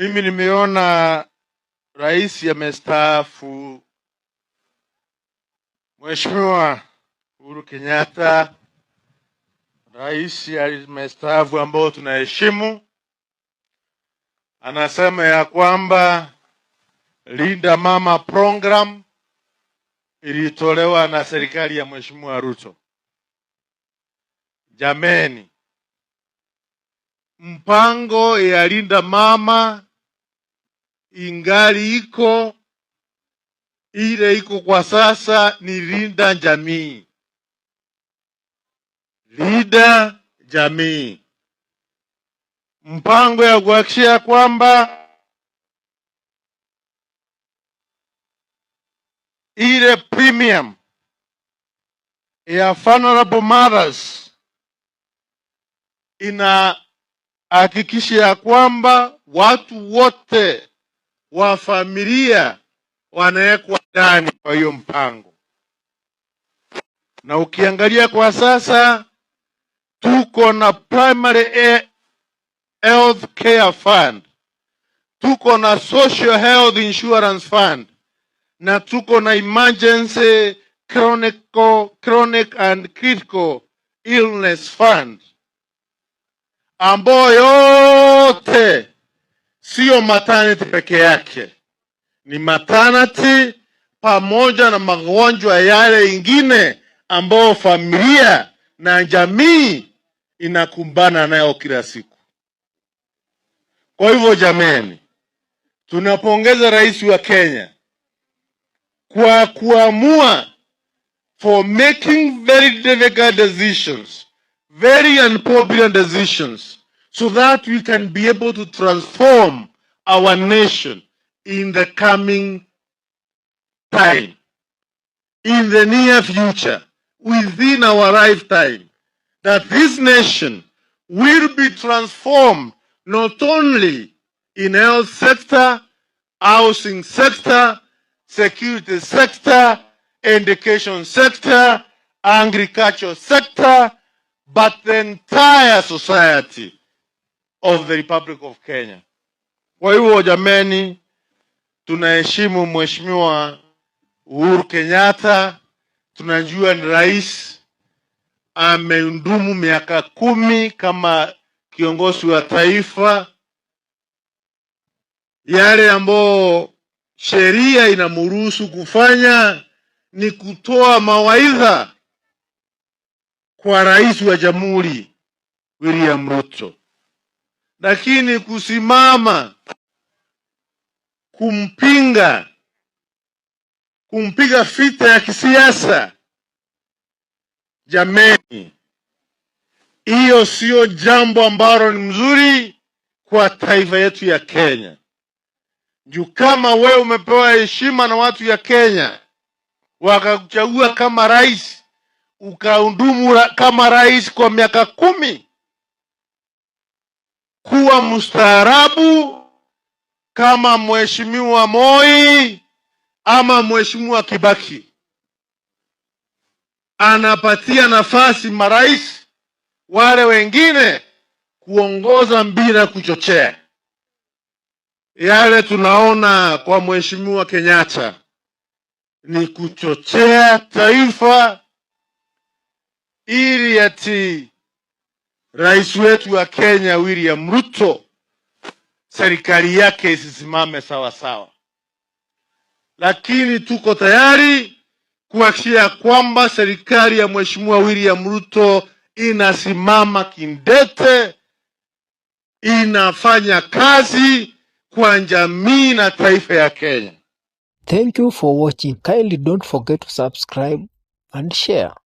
Mimi nimeona rais amestaafu Mheshimiwa Uhuru Kenyatta, rais amestaafu ambao tunaheshimu, anasema ya kwamba Linda Mama program ilitolewa na serikali ya Mheshimiwa Ruto. Jameni, mpango ya Linda Mama ingali iko ile iko kwa sasa ni linda jamii, linda jamii, mpango ya kuhakikisha kwamba ile premium ya vulnerable mothers inahakikisha ya kwamba watu wote wa familia wanawekwa ndani kwa hiyo mpango, na ukiangalia kwa sasa tuko na primary health care fund, tuko na social health insurance fund na tuko na emergency chronic, chronic and critical illness fund ambayo yote siyo maternity peke yake, ni maternity pamoja na magonjwa yale ingine ambayo familia na jamii inakumbana nayo kila siku. Kwa hivyo, jameni, tunapongeza rais wa Kenya kwa kuamua for making very difficult decisions, very unpopular decisions so that we can be able to transform our nation in the coming time, in the near future, within our lifetime, that this nation will be transformed not only in health sector, housing sector, security sector, education sector, agriculture sector, but the entire society. of the Republic of Kenya. Kwa hivyo jameni, tunaheshimu Mheshimiwa Uhuru Kenyatta, tunajua ni rais, ameundumu miaka kumi kama kiongozi wa taifa. Yale ambayo sheria inamruhusu kufanya ni kutoa mawaidha kwa rais wa jamhuri William Ruto lakini kusimama kumpinga, kumpiga vita ya kisiasa, jameni, hiyo sio jambo ambalo ni mzuri kwa taifa yetu ya Kenya. Juu kama wewe umepewa heshima na watu ya Kenya wakakuchagua kama rais, ukaundumu kama rais kwa miaka kumi kuwa mstaarabu kama mheshimiwa Moi ama mheshimiwa Kibaki. Anapatia nafasi marais wale wengine kuongoza bila kuchochea yale tunaona kwa mheshimiwa Kenyatta ni kuchochea taifa ili ati Rais wetu wa Kenya William Ruto, serikali yake isisimame sawa sawa, lakini tuko tayari kuhakikisha kwamba serikali ya Mheshimiwa William Ruto inasimama kindete, inafanya kazi kwa jamii na taifa ya Kenya. Thank you for watching. Kindly don't forget to subscribe and share.